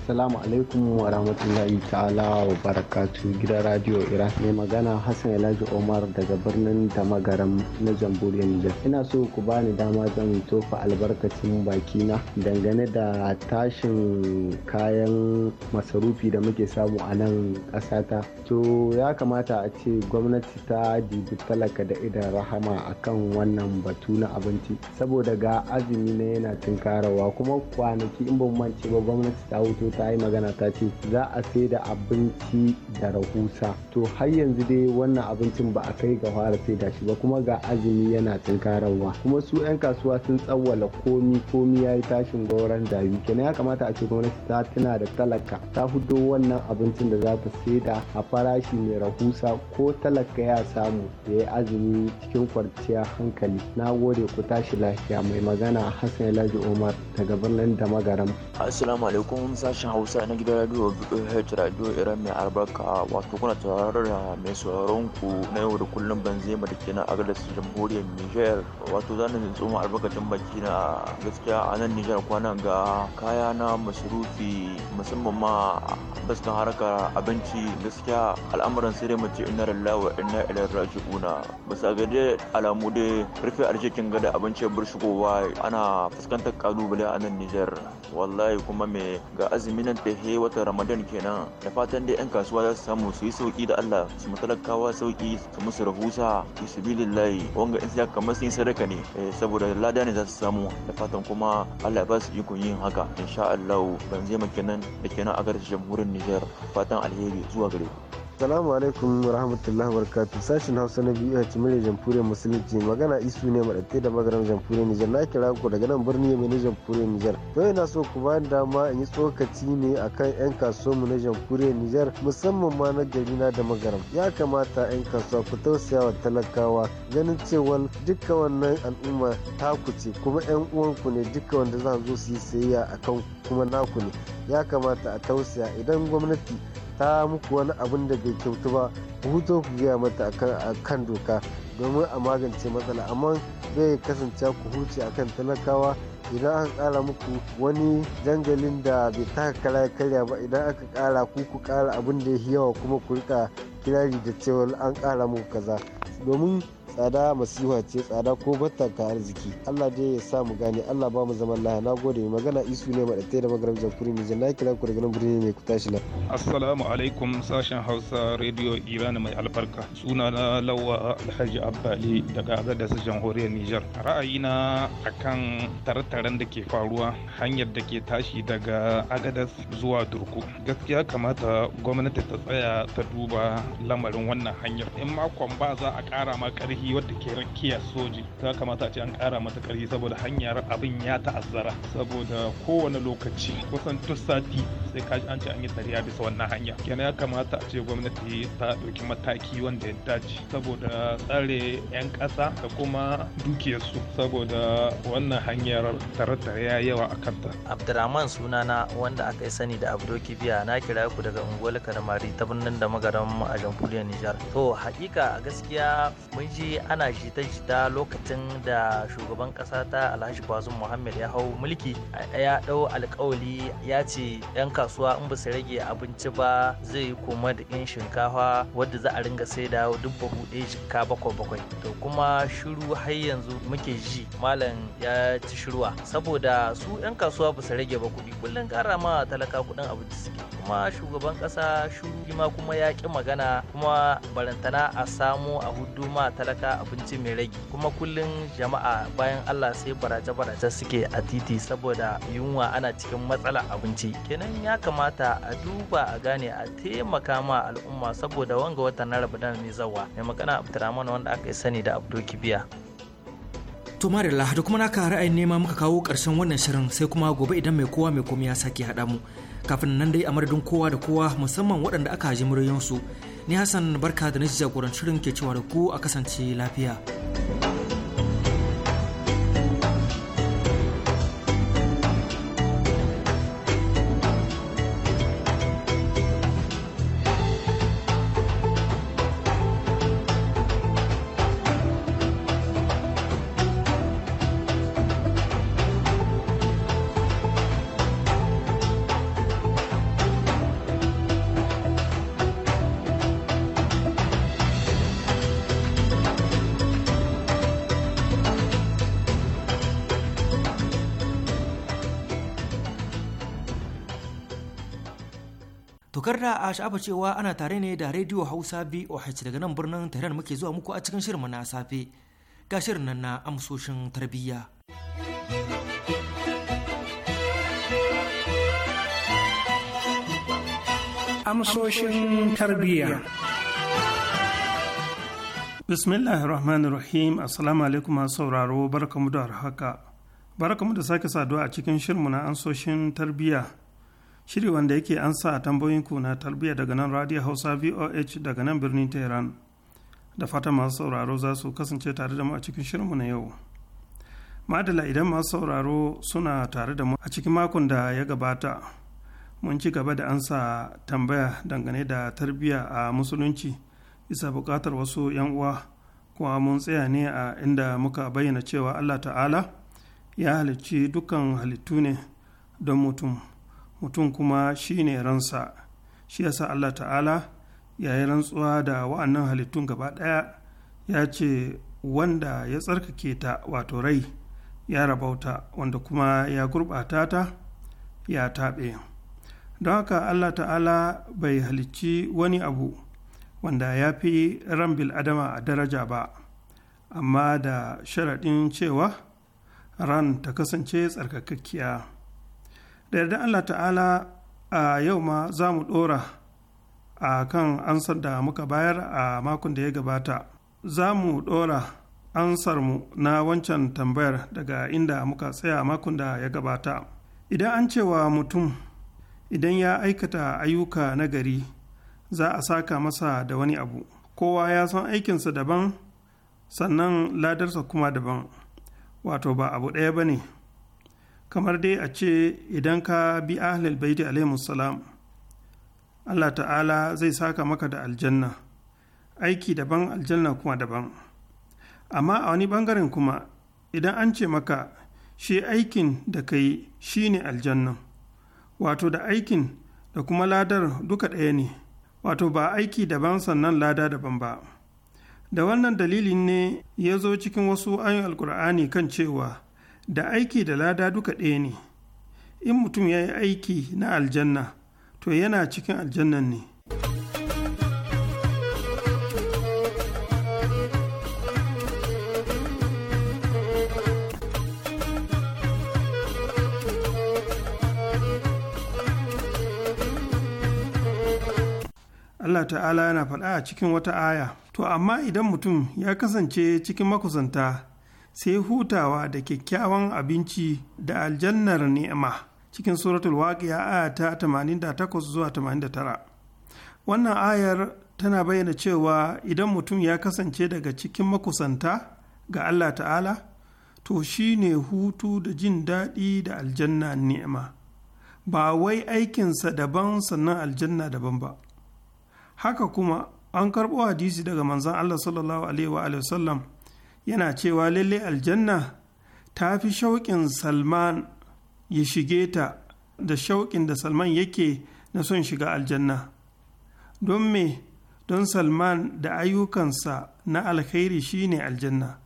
Assalamu alaikum wa rahmatullahi ta'ala wa barakatu Gida radio Iran mai magana Hassan Elaji Omar daga birnin Damagaram na jamhuriyar Nijar. Ina so ku bani dama zan tofa albarkacin bakina dangane da tashin kayan masarufi da muke samu a nan ƙasata. To ya kamata a ce gwamnati ta dibi talaka da idan rahama akan wannan batu na abinci saboda ga azumi na yana tunkarawa kuma kwanaki in ban mance ba gwamnati ta wuto ta yi magana ta ce za a sai da abinci da rahusa to har yanzu dai wannan abincin ba a kai ga fara sai da shi ba kuma ga azumi yana karawa kuma su 'yan kasuwa sun tsawwala komi komi ya yi tashin gauran dayi kenan ya kamata a ce gwamnati ta tuna da talaka ta fito wannan abincin da za ta da a farashi mai rahusa ko talaka ya samu da ya azumi cikin kwanciyar hankali na gode ku tashi lafiya mai magana hassan alhaji umar daga birnin da magaram assalamu alaikum sashi sashen hausa na gidan radio bh radio iran mai albarka wato kuna tare da mai sauraron ku na yau da kullum ban zema da ke na agadas jamhuriyar niger wato zan yi tsoma albarkacin baki na gaskiya a nan niger kwanan ga kaya na masarufi musamman ma baskan harkar abinci gaskiya al'amuran sai mu ce inna lillahi wa inna ilaihi raji'una bisa ga dai alamu dai rufe arzikin gada abinci bur shigowa ana fuskantar kalubale a nan niger wallahi kuma me ga azumi azumi ta he watan ramadan kenan da fatan dai yan kasuwa za su samu su yi sauki da allah su matalakawa sauki su musu rahusa bi sabilillahi wanga in siya kamar sun sadaka ne eh, saboda lada ne za su samu da fatan kuma allah ya ba su ikon yin haka insha allah ban zai kenan da kenan a garin jamhuriyar niger fatan alheri zuwa gare ku Assalamu alaikum wa barakatu sashen Hausa na biyu a cimiliyar jamhuriyar musulunci magana isu ne maɗatte da magaran jamhuriyar Nijar na kira ku daga nan birni mai nijar jamhuriyar Nijar. To yana so ku bani dama in yi tsokaci ne akan 'yan mu na jamhuriyar Nijar musamman ma na gari na da magaram. Ya kamata 'yan kasuwa ku tausaya wa talakawa ganin cewa dukkan wannan al'umma taku ce kuma 'yan uwanku ne duka wanda za zo su yi sayayya akan kuma naku ne. Ya kamata a tausaya idan gwamnati ta muku wani abin da bai kyautu ba ku ku gaya mata kan doka domin a magance matsala amma zai kasance ku huce akan talakawa idan aka kara muku wani jangalin da bai taka kara karya ba idan aka kara ku ku kara abin da ya yawa kuma ku rika kirari da cewa an kara muku kaza domin tsada masifa ce tsada ko bata ka arziki Allah dai ya sa mu gane Allah ba mu zaman lahiya na gode magana isu ne ma da magaram jamhuriyar Nijar na kira ku daga nan birni mai ku tashi nan. Assalamu alaikum sashen Hausa Radio Iran mai albarka suna na Lawa Alhaji abdali daga da sashen jamhuriyar Nijar Ra'ayi na akan tare-taren da ke faruwa hanyar da ke tashi daga agadas zuwa Durku gaskiya kamata gwamnati ta tsaya ta duba lamarin wannan hanyar in makon ba za a kara ma kari karhi wadda ke rakiya soji ta kamata a ce an kara mata karhi saboda hanyar abin ya ta'azzara saboda kowane lokaci kusan duk sati sai ka an ce an yi tsariya bisa wannan hanya kenan ya kamata a ce gwamnati ta ɗauki mataki wanda ya dace saboda tsare 'yan ƙasa da kuma dukiyarsu saboda wannan hanyar tare-tare ya yawa a kanta. Abdurrahman sunana wanda aka yi sani da Abdoki Biya na kira ku daga unguwar kanamari ta birnin da magaran a jamhuriyar Nijar. To hakika gaskiya mun ji ana jita-jita lokacin da shugaban kasa ta alhaji bazum muhammad ya hau mulki ya dau alkawali ya ce 'yan kasuwa in ba su rage abinci ba zai yi koma da in shinkafa wadda za a ringa sai da duk bahu ɗaya jikka bakwai bakwai to kuma shiru har yanzu muke ji malam ya ci shiruwa saboda su 'yan kasuwa ba su rage ba kuɗi kullum kara ma talaka kuɗin abinci suke kuma shugaban kasa shiru ma kuma ya ƙi magana kuma barantana a samo a hudu ma talaka da abinci mai rage kuma kullum jama'a bayan allah sai barace-barace suke a titi saboda yunwa ana cikin matsala abinci kenan ya kamata a duba a gane a taimaka ma al'umma saboda wanga watan na ramadan mai zawa mai magana abdurrahman wanda aka yi sani da abdul kibiya To Marilla, da kuma naka ra'ayin nema muka kawo karshen wannan shirin sai kuma gobe idan mai kowa mai komai ya sake haɗa mu. Kafin nan dai a madadin kowa da kowa musamman waɗanda aka haji muryoyinsu ni hassan barka da na jagorancin shirin ke cewa da ku a kasance lafiya a sha'afa cewa ana tare ne da rediyo hausa voh daga nan birnin tehran muke zuwa muku a cikin shirin na safe ga shirin nan na amsoshin tarbiyya amsoshin tarbiyya bismillahir rahmanir rahim assalamu alaikum masu sauraro barkamu da haka barkamu da sake saduwa a cikin shirmu na amsoshin tarbiyya shiri wanda yake an sa a tambayoyinku na tarbiyya daga nan radio hausa voh daga nan birnin tehran da fata masu sauraro za su kasance tare da mu a cikin shirinmu na yau madala idan masu sauraro suna tare da mu a cikin makon da ya gabata mun ci gaba da ansa tambaya dangane da tarbiyya a musulunci bisa buƙatar wasu 'yan uwa kuma mun tsaya ne a inda muka bayyana cewa allah ta'ala ya halicci dukkan halittu ne don mutum mutum kuma ne ransa shi yasa Allah ta'ala ya yi rantsuwa da wa'annan halittun gaba ɗaya ya ce wanda ya tsarkake ta wato rai ya rabauta wanda kuma ya gurɓata ta ya taɓe don haka Allah ta'ala bai halicci wani abu wanda ya fi ran bil'adama a daraja ba amma da sharaɗin cewa ran ta kasance tsarkakakkiya. da yarda allah ta'ala a yau ma za mu ɗora a kan ansar da muka bayar a makon da ya gabata za mu ɗora ansarmu na wancan tambayar daga inda muka tsaya makon da ya gabata idan an cewa mutum idan ya aikata ayyuka na gari za a saka masa da wani abu kowa ya san aikinsa daban sannan ladarsa kuma daban wato ba abu ɗaya ba ne kamar dai a ce idan ka bi ahlul baiti salam Allah ta'ala zai saka maka da aljanna aiki daban aljanna kuma daban amma a wani bangaren kuma idan an ce maka shi aikin da ka yi shi ne aljanna, wato da aikin da kuma ladar duka ɗaya ne wato ba aiki daban sannan lada daban ba da wannan dalilin ne ya zo cikin wasu ayin alkur'ani kan cewa da aiki da lada duka ɗaya ne in mutum ya yi aiki na aljanna to yana cikin aljannan ne Allah ta'ala yana faɗa a cikin wata aya to amma idan mutum ya kasance cikin makusanta sai hutawa da kyakkyawan abinci da aljannar ni'ima cikin suratul waqi'a aya ta 88 zuwa 89 wannan ayar tana bayyana cewa idan mutum ya kasance daga cikin makusanta ga Allah ta'ala to shi ne hutu da jin daɗi da aljanna ni'ima ba wai aikinsa daban sannan aljanna daban ba haka kuma an karɓo hadisi daga manzan Allah sallallahu alaihi wa sallam yana cewa lalle aljanna ta fi shauƙin salman ya shige ta da shauƙin da salman yake na son shiga aljanna don me don salman da ayyukansa na alkhairi shine aljanna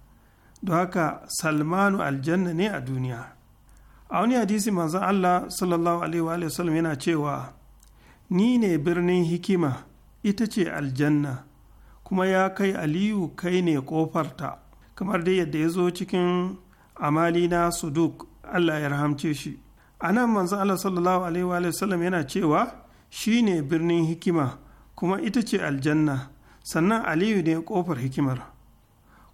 don haka salmanu aljanna ne a duniya a wani hadisi manzon allah sallallahu alaihi wa sallam yana cewa ni ne birnin hikima ita ce aljanna kuma ya kai aliyu kai ne ƙofarta kamar dai yadda ya zo cikin Amalina na suduk allah ya rahamce shi a nan manzan allah sallallahu alaihi wa sallam yana cewa shi ne birnin hikima kuma ita ce aljanna sannan aliyu ne kofar hikimar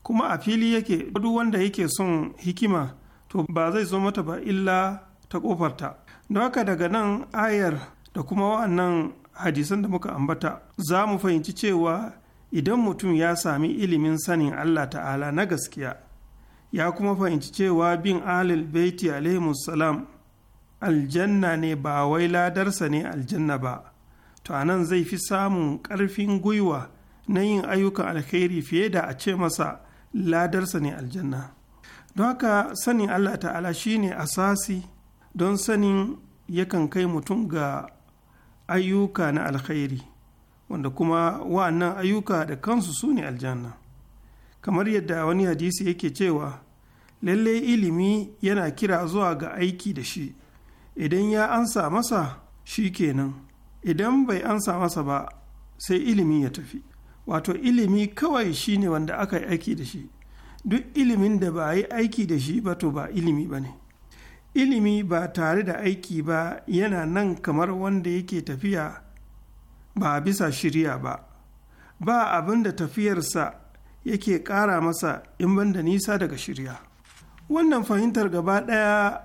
kuma a fili yake duk wanda yake son hikima to ba zai zo mata ba illa ta kofarta don haka daga nan ayar da kuma wa'annan hadisan da muka ambata za mu fahimci cewa idan mutum ya sami ilimin sanin Allah ta'ala na gaskiya ya kuma fahimci cewa bin alil baiti salam aljanna ne ba wai ladarsa ne aljanna ba to anan zai fi samun ƙarfin gwiwa na yin ayyukan alkhairi fiye da a ce masa ladarsa ne aljanna don haka sanin Allah ta'ala shine asasi don sanin yakan kai mutum ga ayyuka na alkhairi wanda kuma wa'annan ayyuka da kansu su ne aljanna kamar yadda wani hadisi yake cewa lalle ilimi yana kira zuwa ga aiki da shi idan ya ansa masa shi kenan idan bai ansa masa ba sai ilimi ya tafi wato ilimi kawai shi ne wanda aka yi aiki da shi duk ilimin da ba a yi aiki da shi ba to ba ilimi ba ne ilimi ba tare da aiki ba yana nan kamar wanda yake tafiya ba bisa shirya ba ba abin da tafiyarsa yake ƙara masa in banda nisa daga shirya wannan fahimtar gaba ɗaya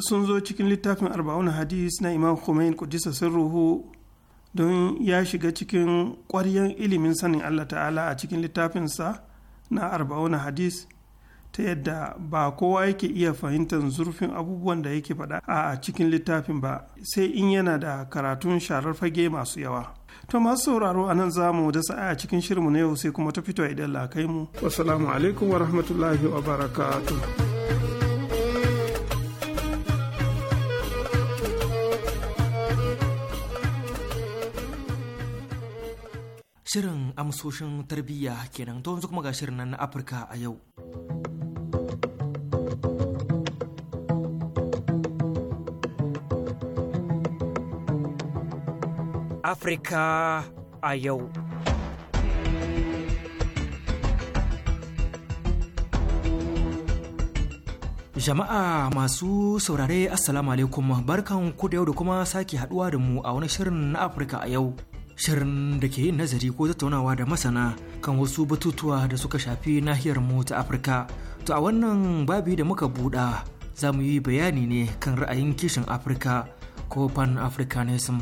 sun zo cikin littafin arba'un hadis na imam khomein kudisa sirruhu don ya shiga cikin ƙwaryen ilimin sanin allah ta'ala a cikin littafinsa na arba'un hadis ta yadda ba kowa yake iya fahimtar zurfin abubuwan da yake faɗa a cikin littafin ba sai in yana da karatun sharar fage masu yawa To masu sauraro a nan zamu da sa'a a cikin shirinmu na yau sai kuma ta fito idan la kai mu. Wassalamu alaikum wa rahmatullahi wa barakatuh. Shirin amsoshin tarbiyya kenan to yanzu kuma ga shirin nan na Afirka a yau. Afirka a yau. Jama'a masu saurare Assalamu alaikum barkan ku da yau da kuma sake haɗuwa da mu a wani shirin na Afirka a yau. Shirin da ke yin nazari ko tattaunawa da masana kan wasu batutuwa da suka shafi nahiyar mu ta Afirka. To a wannan babi da muka buɗa za mu yi bayani ne kan ra'ayin kishin Afirka ko Pan-Africanism.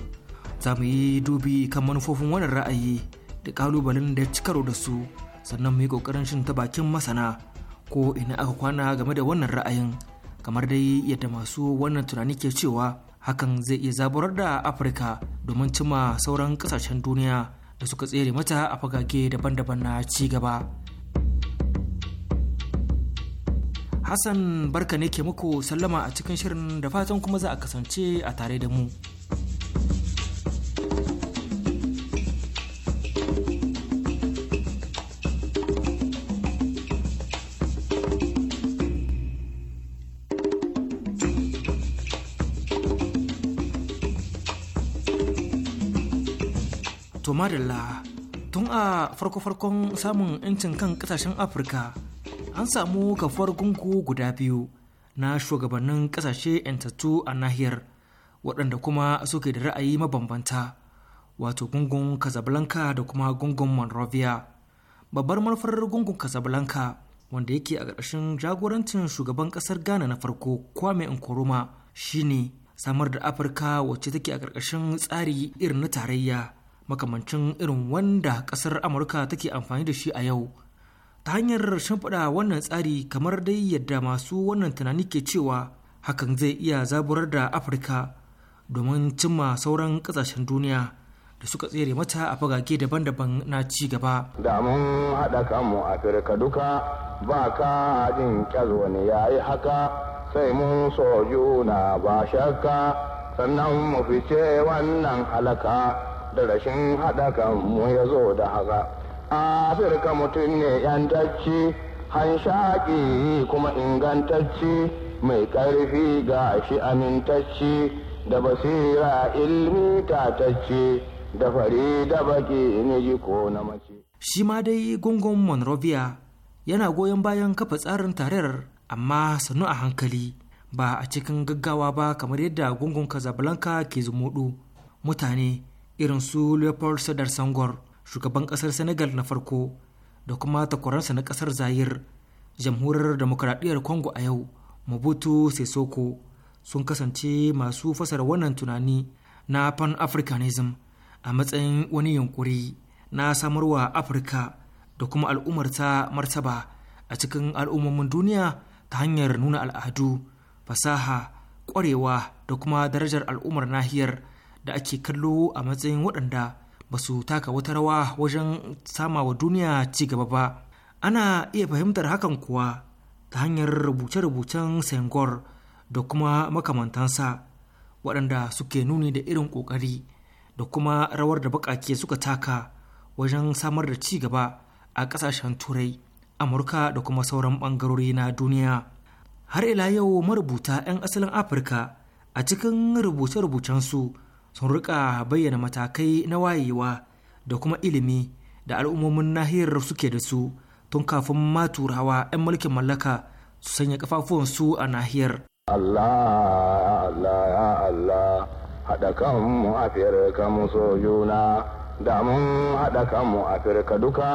za mu yi dubi kan manufofin wannan ra'ayi da kalubalen da ya ci karo da su sannan mu yi kokarin shin ta bakin masana ko ina aka kwana game da wannan ra'ayin kamar dai yadda masu wannan tunani ke cewa hakan zai iya zaburar da afirka domin cimma sauran kasashen duniya da suka tsere mata a fagage daban-daban na ci gaba hassan barka ne ke muku sallama a cikin shirin da fatan kuma za a kasance a tare da mu. madalla tun a farko-farkon samun 'yancin kan kasashen afirka an samu kafuwar gungu guda biyu na shugabannin kasashe 'yantattu a nahiyar waɗanda kuma suke da ra'ayi mabambanta wato gungun casablanca da kuma gungun monrovia babbar manufar gungun casablanca wanda yake a ƙarƙashin jagorancin shugaban ƙasar ghana na farko kwame nkrumah shine samar da afirka wacce take a ƙarƙashin tsari irin na tarayya makamancin irin wanda ƙasar amurka take amfani da shi a yau ta hanyar shimfiɗa wannan tsari kamar dai yadda masu wannan tunani ke cewa hakan zai iya zaburar da afirka domin cimma sauran ƙasashen duniya da suka tsere mata a fagage daban-daban na ci gaba da mun haɗa kanmu afirka duka ba ka jin wani ya yi haka sai mun so juna ba shakka sannan mu fice wannan halaka da rashin haɗa kanmu ya zo da haka afirka mutum ne yantacci hanshaƙi kuma ingantacci mai ƙarfi ga shi amintacci da basira ilmi tatacci da fari da baki ne ji ko na mace shi ma dai gungun monrovia yana goyon bayan kafa tsarin tarayyar amma sannu a hankali ba a cikin gaggawa ba kamar yadda gungun casablanca ke zumuɗu mutane irin su leopold sadar sangor shugaban kasar senegal na farko da kuma takwaransa na kasar zayir jamhuriyar demokradiyyar congo a yau mobutu sesoko sun kasance masu fasara wannan tunani na pan-africanism a matsayin wani yunkuri na samarwa afirka da kuma al'ummar al'ummarta martaba a cikin al'ummomin duniya ta hanyar nuna al'adu fasaha ƙwarewa da kuma darajar al'ummar nahiyar da ake kallo a matsayin waɗanda ba su taka wata rawa wajen sama wa duniya ci gaba ba ana iya fahimtar hakan kuwa ta hanyar rubuce-rubucen sengor da kuma makamantansa waɗanda suke nuni da irin ƙoƙari da kuma rawar da baƙaƙe suka taka wajen samar da ci gaba a ƙasashen turai amurka da kuma sauran ɓangarori na duniya har ila yau marubuta 'yan asalin afirka a cikin rubuce-rubucensu sun rika bayyana matakai na wayewa da kuma ilimi da al'ummomin nahiyar suke da su tun kafin ma turawa 'yan mulkin mallaka su sanya kafafuwansu a nahiyar. Allah Allah ya Allah haɗa kanmu Afirka mu so juna da mun haɗa kanmu Afirka duka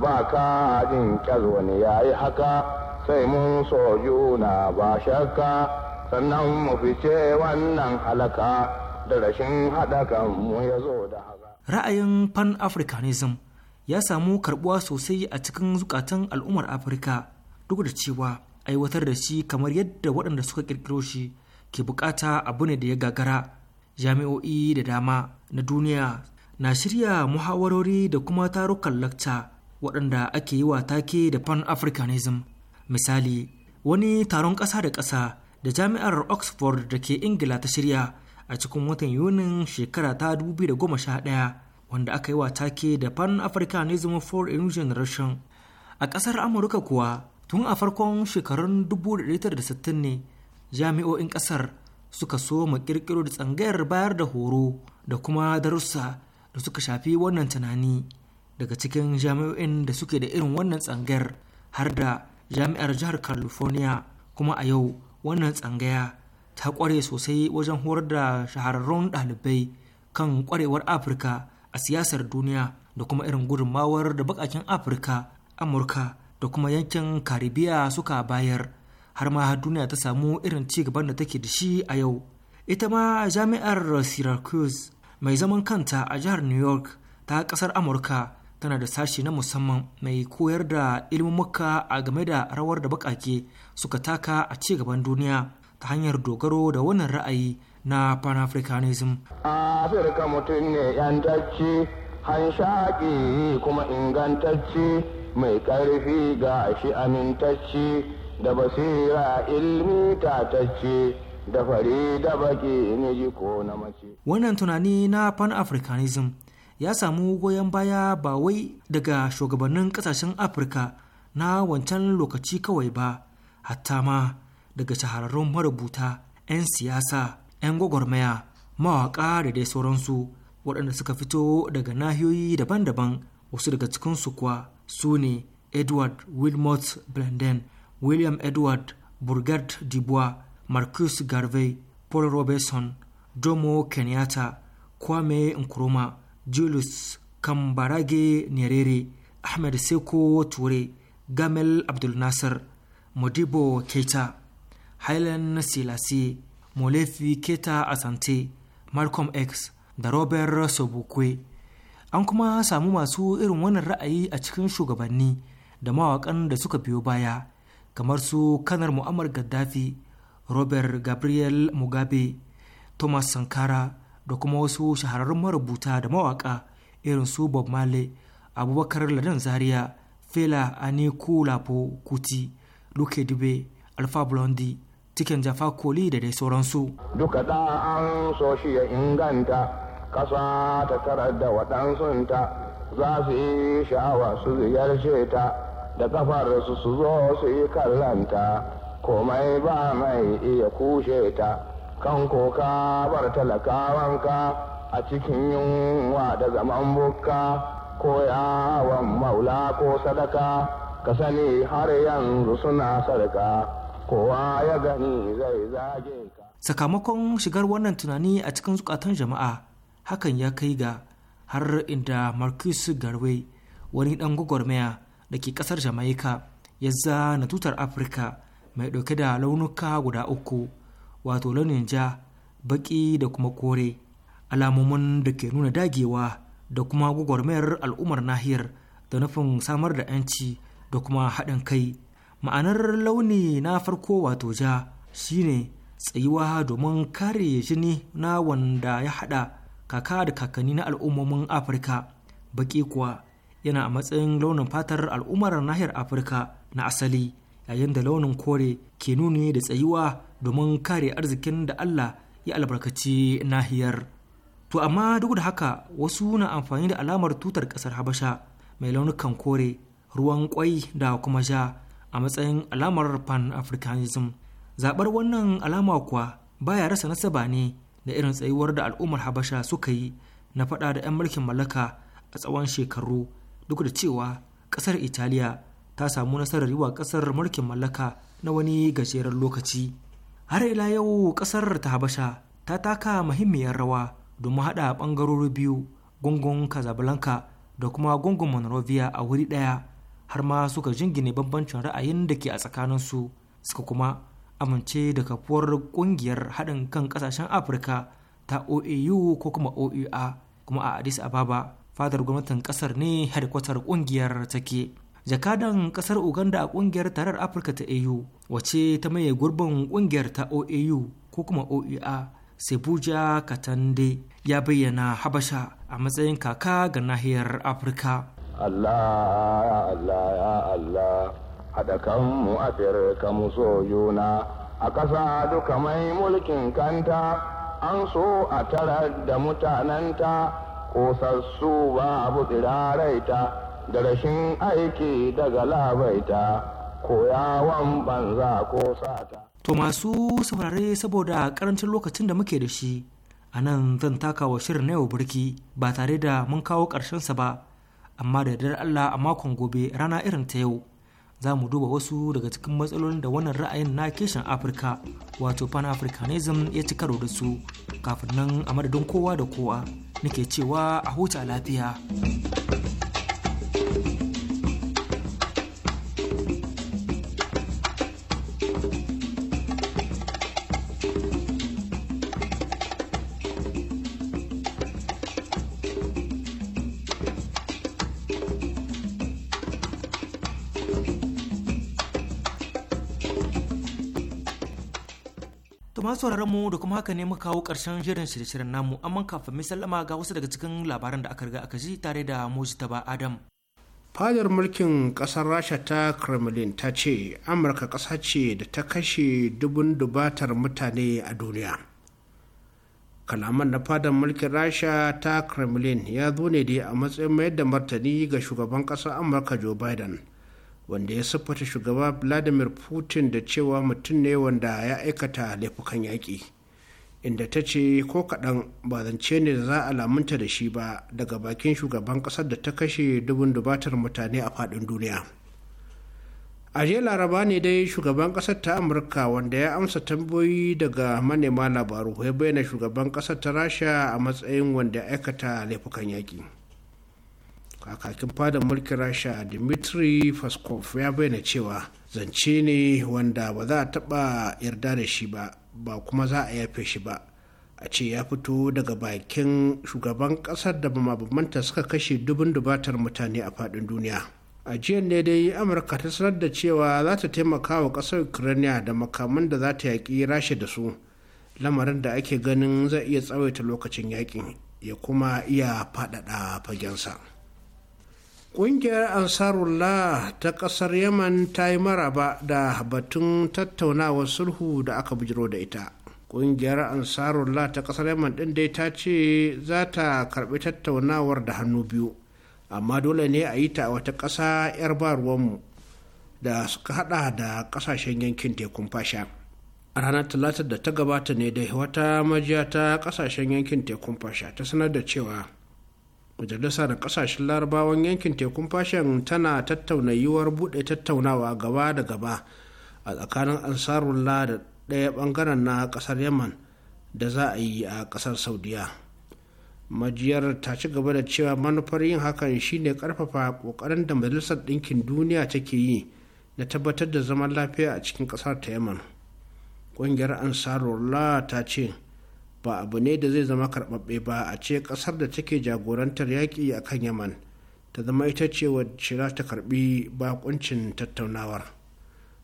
ba ka jin wani ya yi haka sai mun so juna ba shakka sannan mu fice wannan halaka. da rashin ya zo da haka. Ra'ayin Pan-Africanism ya samu karɓuwa sosai a cikin zukatan al'ummar Afirka duk da cewa aiwatar da shi kamar yadda waɗanda suka ƙirƙiro shi ke bukata abu ne da ya gagara jami'o'i da dama na duniya na shirya muhawarori da kuma tarukan lakca waɗanda ake yi wa take da pan-africanism misali wani taron ƙasa da ƙasa da jami'ar oxford da ke ingila ta shirya a cikin watan yunin shekara ta 2011 wanda aka yi wa take da pan africanism for a new generation a ƙasar amurka kuwa tun a farkon shekarun 1960 ne jami'o'in ƙasar suka so mu ƙirƙiro da tsangayar bayar da horo da kuma darussa da suka shafi wannan tunani daga cikin jami'o'in da suke da irin wannan tsangayar har da jami'ar jihar california kuma a yau wannan tsangaya ta kware sosai wajen horar da shahararrun ɗalibai kan ƙwarewar afirka a siyasar duniya da kuma irin gudunmawar da bakakin afirka amurka da kuma yankin karibiya suka bayar har ma duniya ta samu irin ci gaban da take da shi a yau ita ma jami'ar syracuse mai zaman kanta a jihar new york ta kasar amurka tana da sashi na musamman mai koyar da muka a game da rawar da bakake suka taka a ci gaban duniya ta hanyar dogaro da wannan ra'ayi na pan-africanism afirka mutum ne han hanshaƙi kuma ingantacce mai ƙarfi ga shi amintacci da basira ilmi tatacci da fari da baki ne ko na mace wannan tunani na pan-africanism ya samu goyon baya ba wai daga shugabannin kasashen afirka na wancan lokaci kawai ba hatta ma daga shahararrun marubuta 'yan siyasa 'yan gwagwarmaya mawaƙa da dai sauransu waɗanda suka fito daga nahiyoyi daban-daban wasu daga su kuwa su ne edward wilmot blenden william edward burgard dubois marcus garvey paul robertson Domo kenyatta kwame nkrumah julius kambarage nyerere ahmed seko ture gamel abdul modibo keita Hailen silasi Molefi Keta Asante, Malcolm X da Robert Sobukwe. An kuma samu masu irin wannan ra'ayi a cikin shugabanni da mawaƙan da suka biyo baya, kamar su kanar Muammar Gaddafi, Robert Gabriel Mugabe, Thomas Sankara da kuma wasu shahararrun marubuta da mawaƙa irin su Bob Marley, Abubakar Ladan Zaria, Fela Anikulapo Kuti, Luke Dube, Alpha Blondie cikin jafa koli da dai sauransu duka da an so shi ya inganta kasa ta tarar da waɗansunta za su yi sha'awa su ziyarce ta da ƙafarsu su zo su yi kallanta komai ba mai iya kushe ta kan koka bar talakawanka a cikin yunwa da zaman bukka ko yawon maula ko sadaka ka sani har yanzu suna sarka kowa ya gani zai zage ka. Sakamakon shigar wannan tunani a cikin zukatan jama'a hakan ya kai ga har inda Marcus Garvey wani dan gwagwarmaya da ke kasar jamaika ya zana tutar Afirka mai dauke da launuka guda uku wato launin ja, baki da kuma kore. Alamomin da ke nuna dagewa da kuma gwagwarmayar al'ummar nahiyar da nufin samar da 'yanci da kuma haɗin kai. ma'anar launi na farko wato ja shine tsayuwa domin kare jini na wanda ya hada kaka da kakanni na al'ummomin afirka baki kuwa yana a matsayin launin fatar al'ummar nahiyar afirka na asali yayin da launin kore ke nuni da tsayuwa domin kare arzikin da allah ya albarkaci nahiyar to amma duk da haka wasu na amfani da alamar tutar kasar habasha mai launukan kore ruwan kwai da kuma ja a matsayin alamar pan-africanism zaɓar wannan alama kuwa baya rasa nasaba ne da irin tsayuwar da al'ummar habasha suka yi na faɗa da 'yan mulkin mallaka a tsawon shekaru duk da cewa ƙasar italiya ta samu nasarar yi wa ƙasar mulkin mallaka na wani gajeren lokaci har ila yau ƙasar ta habasha ta taka muhimmiyar rawa domin haɗa ɓangarori biyu gungun casablanca da kuma gungun monrovia a wuri ɗaya har ma suka jingine bambancin ra'ayin da ke a tsakaninsu suka kuma amince da kafuwar kungiyar haɗin kan ƙasashen afirka ta oau ko kuma oua kuma a addis ababa fadar gwamnatin ƙasar ne harkwatar kungiyar take jakadan ƙasar uganda a kungiyar tarar afirka ta au wace ta maye gurbin kungiyar ta oau ko kuma oua sebuja katande ya bayyana habasha a matsayin kaka ga nahiyar afirka Allah ya Allah ya Allah haɗa kanmu a ka mu so juna a ƙasa duka mai mulkin kanta an so a tarar da mutanenta kosassu babu tsiraraita da rashin aiki daga labaita koyawan banza ko sata. To masu saurare saboda karancin lokacin da muke da shi a nan zan takawa shirin na yau birki ba tare da mun kawo ƙarshensa ba amma da yardar Allah a makon gobe rana irin ta yau za mu duba wasu daga cikin matsalolin da wannan ra'ayin na kishin afirka wato pan-africanism ya ci karo da su kafin nan a madadin kowa da kowa nake cewa a huta lafiya. masu mu da kuma haka ne muka kawo ƙarshen shirin shirye-shiryen namu amma kafin mai sallama ga wasu daga cikin labaran da aka riga aka ji tare da ba Adam. Fadar mulkin ƙasar Rasha ta Kremlin ta ce Amurka ƙasa ce da ta kashe dubun dubatar mutane a duniya. Kalaman na fadar mulkin Rasha ta Kremlin ya zo ne dai a matsayin mayar da martani ga shugaban ƙasar Amurka Joe Biden. wanda ya siffata shugaba vladimir putin da cewa mutum ne wanda ya aikata laifukan yaƙi inda ta ce ko kaɗan ba zance ne da za a lamunta da shi ba daga bakin shugaban ƙasar da ta kashe dubin dubatar mutane a faɗin duniya a jiya laraba ne dai shugaban ƙasar ta amurka wanda ya amsa tambayoyi daga manema labaru ya bayyana shugaban ƙasar ta rasha a matsayin wanda aikata laifukan yaƙi a kakin fadar mulkin rasha dimitri faskov ya bayyana cewa zance ne wanda ba za a taba yarda da shi ba ba kuma za a yafe shi ba a ce ya fito daga bakin shugaban kasar da bamabamanta suka kashe dubin dubatar mutane a fadin duniya a jiyan ne dai amurka ta sanar da cewa za ta taimaka wa kasar ukraine da makaman da za ta yaƙi rasha da su lamarin da ake ganin zai iya tsawaita lokacin yaƙin ya kuma iya faɗaɗa fagensa. ƙungiyar ansarullah ta ƙasar yaman ta yi maraba da batun tattaunawar sulhu da aka bujiro da ita ƙungiyar ansarullah ta ƙasar yaman ɗin dai ta ce za ta karɓi tattaunawar da hannu biyu amma dole ne a yi ta a wata ƙasa 'yar ba-ruwanmu da suka haɗa da ƙasashen yankin tekun fasha a ranar talatar da ta gabata ne da wata majiya ta ƙasashen yankin tekun fasha ta sanar da cewa majalisa da kasashen larabawan yankin tekun fashin tana tattauna yiwuwar buɗe tattaunawa gaba da gaba a tsakanin ansarullah da ɗaya ɓangaren na ƙasar yaman da za a yi a ƙasar saudiya majiyar ta ci gaba da cewa manufar yin hakan shine ƙarfafa ƙoƙarin da majalisar ɗinkin duniya take yi na tabbatar da zaman lafiya a cikin ƙasar ta yaman ƙungiyar ansarullah ta ce ba abu ne da zai zama karɓaɓɓe ba a ce ƙasar da take jagorantar yaƙi a kan yaman ta zama ita ce wacce za ta karɓi bakuncin tattaunawar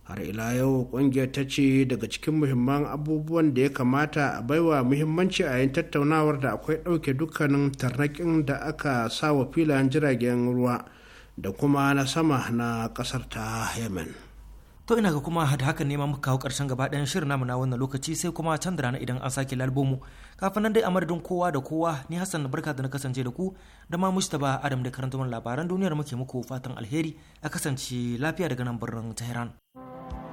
har ila yau ƙungiyar ta ce daga cikin muhimman abubuwan da ya kamata a baiwa muhimmanci a yin tattaunawar da akwai ɗauke dukkanin tarrakin da aka sa wa filayen jiragen ruwa da kuma na sama na ƙasar ta yemen To ina ga kuma da hakan ne ma muka kawo ƙarshen gaba ɗayan shirin namu na wannan lokaci sai kuma can da idan an sake lalbomu. Kafin nan dai a madadin kowa da kowa ni Hassan barka da na kasance da ku da ma Mustapha Adam da karanta labaran duniyar muke muku fatan alheri a kasance lafiya daga nan birnin Tehran.